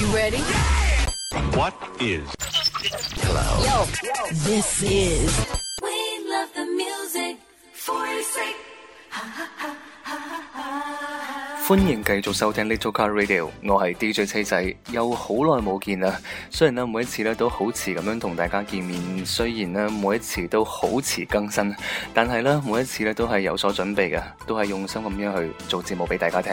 You ready？What is？Hello，this is。We love the music. 歡迎繼續收聽 Little Car Radio，我係 DJ 車仔，又好耐冇見啦。雖然呢每一次呢都好遲咁樣同大家見面，雖然呢每一次都好遲更新，但係呢每一次呢都係有所準備嘅，都係用心咁樣去做節目俾大家聽。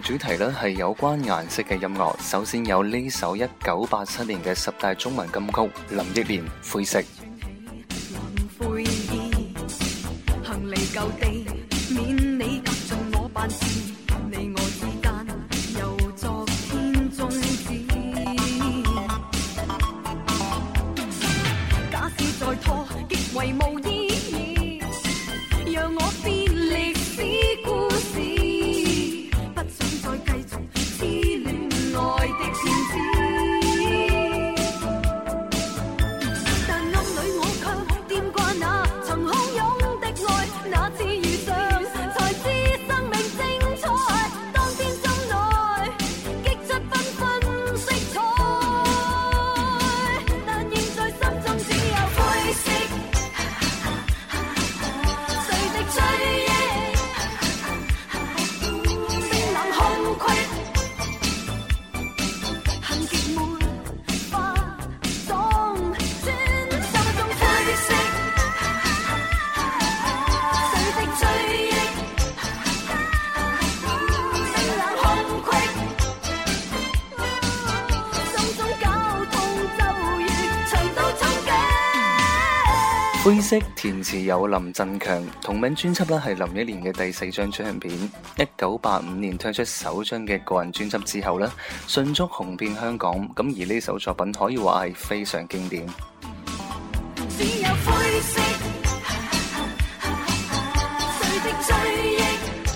主題咧係有關顏色嘅音樂。首先有呢首一九八七年嘅十大中文金曲《林憶蓮灰色》。即填詞有林振強，同名專輯咧係林憶蓮嘅第四張唱片。一九八五年推出首張嘅個人專輯之後咧，迅速紅遍香港。咁而呢首作品可以話係非常經典。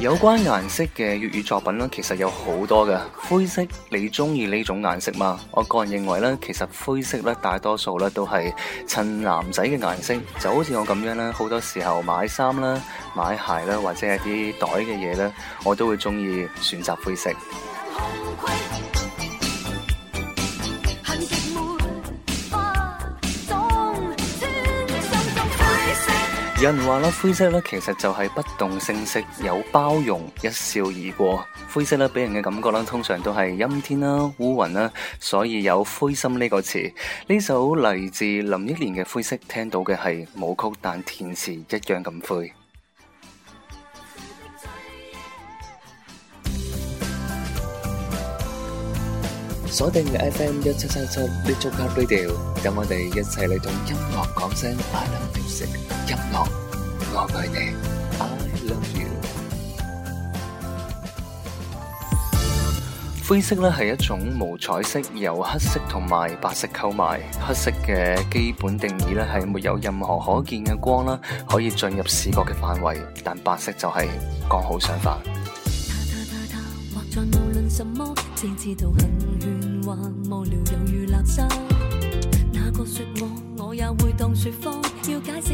有關顏色嘅粵語作品咧，其實有好多嘅。灰色，你中意呢種顏色嗎？我個人認為咧，其實灰色咧，大多數咧都係襯男仔嘅顏色，就好似我咁樣咧，好多時候買衫啦、買鞋啦，或者係啲袋嘅嘢咧，我都會中意選擇灰色。有人話啦，灰色咧，其實就係不動聲色，有包容，一笑而過。灰色咧，俾人嘅感覺咧，通常都係陰天啦，烏雲啦，所以有灰心呢個詞。呢首嚟自林憶蓮嘅《灰色》，聽到嘅係舞曲，但填詞一樣咁灰。鎖定嘅 FM 一七七七的足卡音調，等我哋一齊嚟同音樂講聲拜領。我愛你。灰色呢，係一種無彩色，由黑色同埋白色構成。黑色嘅基本定義呢，係沒有任何可見嘅光啦，可以進入視覺嘅範圍。但白色就係剛好相反。打打打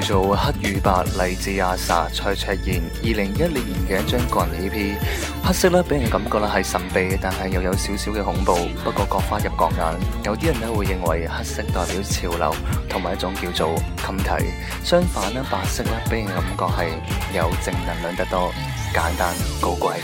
叫做黑與白，來自阿 sa 蔡卓妍二零一零年嘅一張個人 EP。黑色咧俾人感覺咧係神秘，但係又有少少嘅恐怖。不過各花入各眼，有啲人咧會認為黑色代表潮流同埋一種叫做禁體。相反呢，白色咧俾人感覺係有正能量得多，簡單高貴。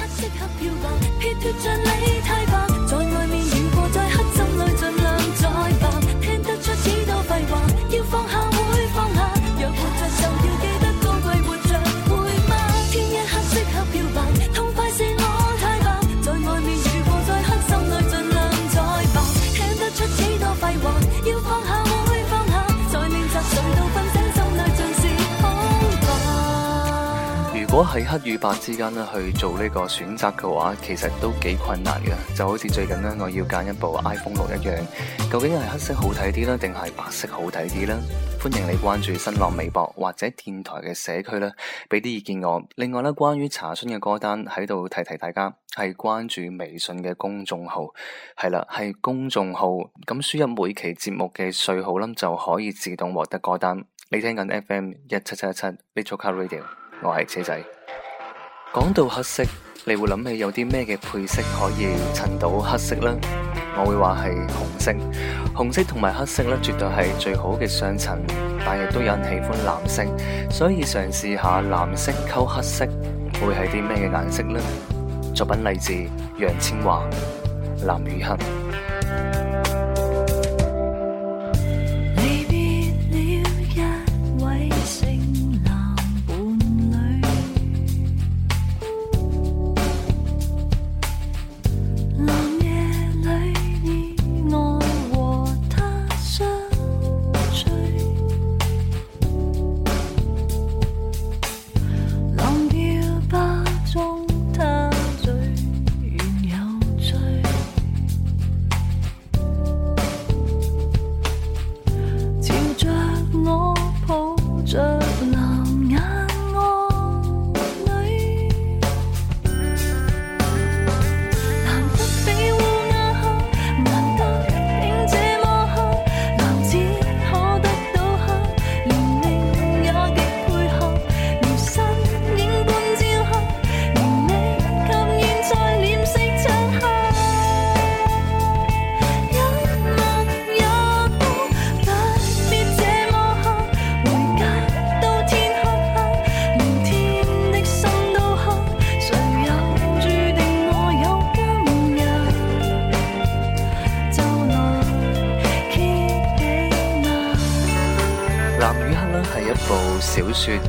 如果喺黑與白之間咧去做呢個選擇嘅話，其實都幾困難嘅。就好似最近呢，我要揀一部 iPhone 六一樣，究竟係黑色好睇啲咧，定係白色好睇啲咧？歡迎你關注新浪微博或者電台嘅社區啦，俾啲意見我。另外呢，關於查詢嘅歌單喺度提提大家，係關注微信嘅公眾號，係啦，係公眾號，咁輸入每期節目嘅序號呢就可以自動獲得歌單。你聽緊 FM 一七七七 b i t r o Radio。我係車仔，講到黑色，你會諗起有啲咩嘅配色可以襯到黑色呢？我會話係紅色，紅色同埋黑色咧，絕對係最好嘅相襯，但亦都有人喜歡藍色，所以嘗試下藍色溝黑色會係啲咩嘅顏色呢？作品嚟自楊千嬅《藍與黑》。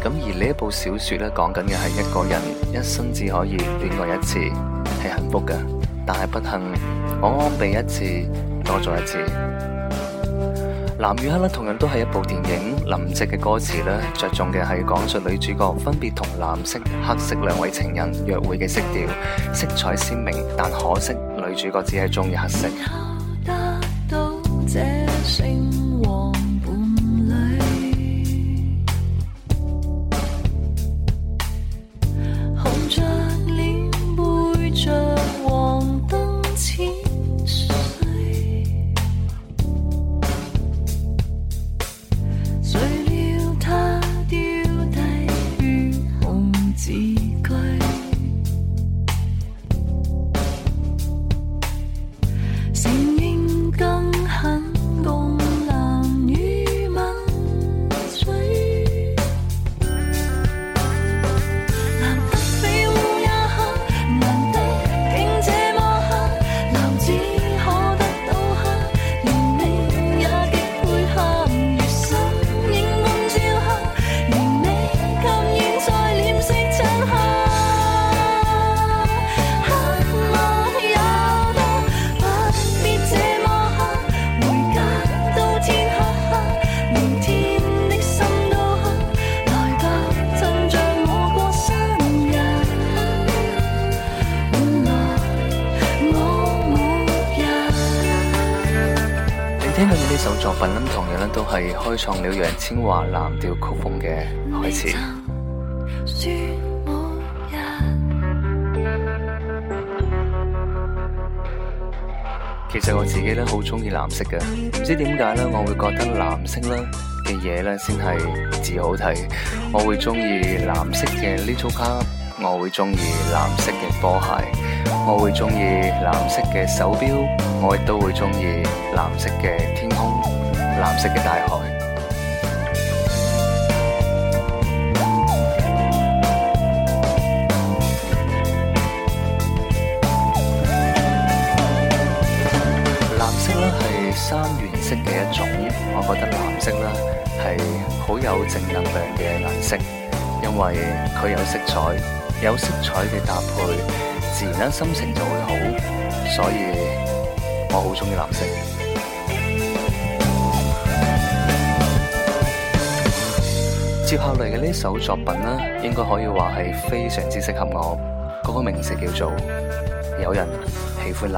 咁而呢一部小説咧，講緊嘅係一個人一生只可以戀愛一次，係幸福嘅，但係不幸，我被一次多咗一次。藍與黑咧，同樣都係一部電影，林夕嘅歌詞咧，着重嘅係講述女主角分別同藍色、黑色兩位情人約會嘅色調，色彩鮮明，但可惜女主角只係中意黑色。了楊千嬅藍調曲風嘅開始。其實我自己咧好中意藍色嘅，唔知點解咧，我會覺得藍色咧嘅嘢咧先係至好睇。我會中意藍色嘅呢組卡，我會中意藍色嘅波鞋，我會中意藍色嘅手錶，我亦都會中意藍色嘅天空，藍色嘅大海。色嘅一種，我覺得藍色啦係好有正能量嘅顏色，因為佢有色彩，有色彩嘅搭配，自然啦心情就會好，所以我好中意藍色。 接下嚟嘅呢首作品啦，應該可以話係非常之適合我，嗰、那個名字叫做《有人喜歡藍》。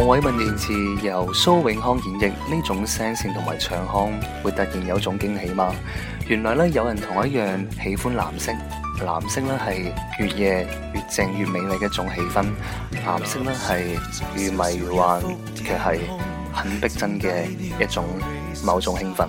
黃偉文填詞由蘇永康演繹，呢種聲線同埋唱腔，會突然有種驚喜嗎？原來呢，有人同我一樣喜歡藍色，藍色呢係越夜越靜越美麗嘅一種氣氛，藍色呢係如迷如幻，卻係很逼真嘅一種某種興奮。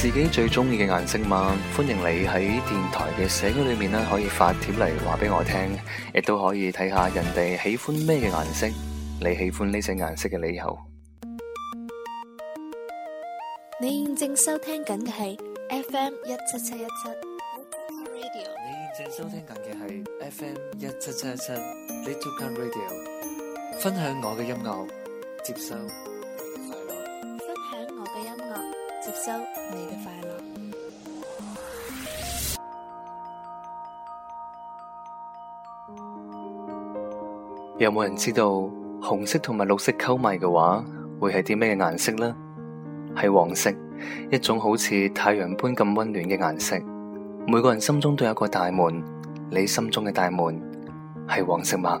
自己最中意嘅顏色嘛，歡迎你喺電台嘅社區裏面咧，可以發帖嚟，話俾我聽，亦都可以睇下人哋喜歡咩嘅顏色，你喜歡呢隻顏色嘅理由。你正收聽緊嘅係 FM 一七七一七，你正收聽緊嘅係 FM 一七七一七，Little Radio。分享我嘅音樂，接受。有冇人知道紅色同埋綠色溝埋嘅話，會係啲咩顏色呢？係黃色，一種好似太陽般咁溫暖嘅顏色。每個人心中都有一個大門，你心中嘅大門係黃色嗎？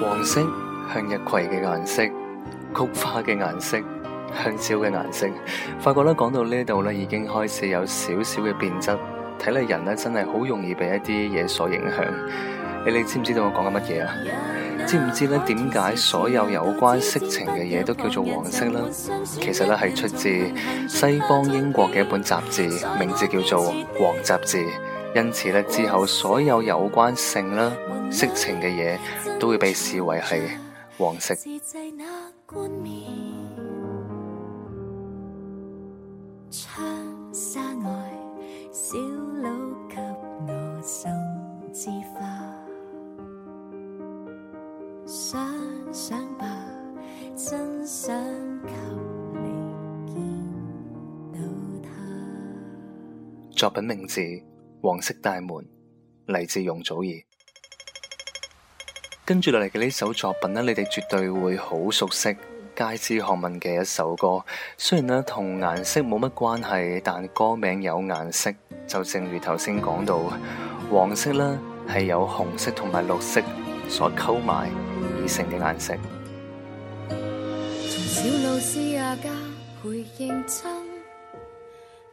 黃色向日葵嘅顏色，菊花嘅顏色，香蕉嘅顏色。發覺咧講到呢度咧，已經開始有少少嘅變質。睇嚟人咧真係好容易被一啲嘢所影響。你哋知唔知道我講緊乜嘢啊？知唔知咧點解所有有關色情嘅嘢都叫做黃色呢？其實咧係出自西方英國嘅一本雜誌，名字叫做《黃雜誌》。因此呢，之後所有有關性啦、色情嘅嘢，都會被視為係黃色。窗紗外，小佬給我送枝花，想想吧，真想給你見到他。作品名字。黃色大門嚟自容祖兒，跟住落嚟嘅呢首作品，呢你哋絕對會好熟悉，街知巷聞嘅一首歌。雖然呢同顏色冇乜關係，但歌名有顏色，就正如頭先講到，黃色呢係有紅色同埋綠色所溝埋而成嘅顏色。從小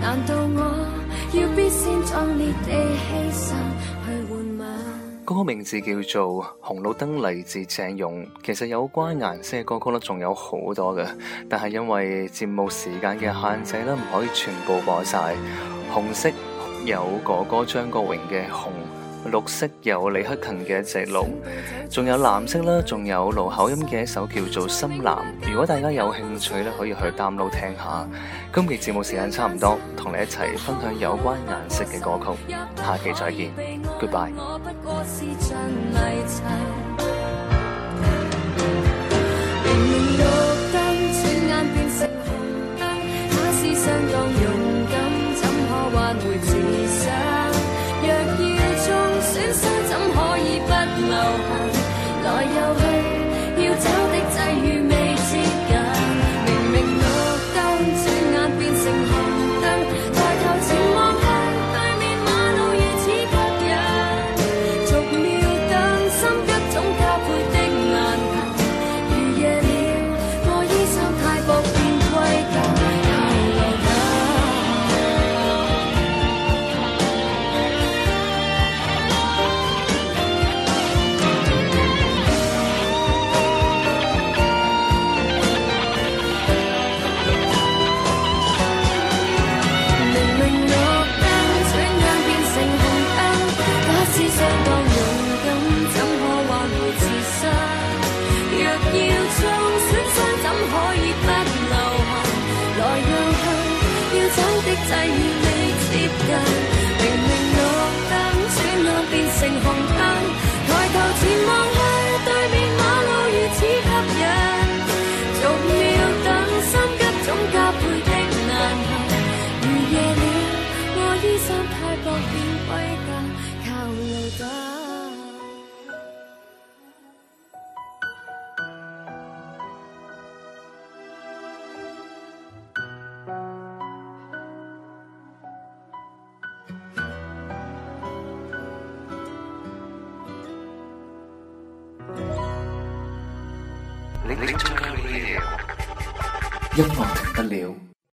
難道我要必先壯烈地犧牲去換嗎？歌名字叫做《紅綠燈》，嚟自鄭融。其實有關顏色嘅歌曲咧，仲有好多嘅，但係因為節目時間嘅限制咧，唔可以全部播晒。紅色有哥哥張國榮嘅《紅》。綠色有李克勤嘅一隻龍，仲有藍色啦，仲有盧口音嘅一首叫做《深藍》。如果大家有興趣咧，可以去 download 聽下。今期節目時間差唔多，同你一齊分享有關顏色嘅歌曲，下期再見，Goodbye。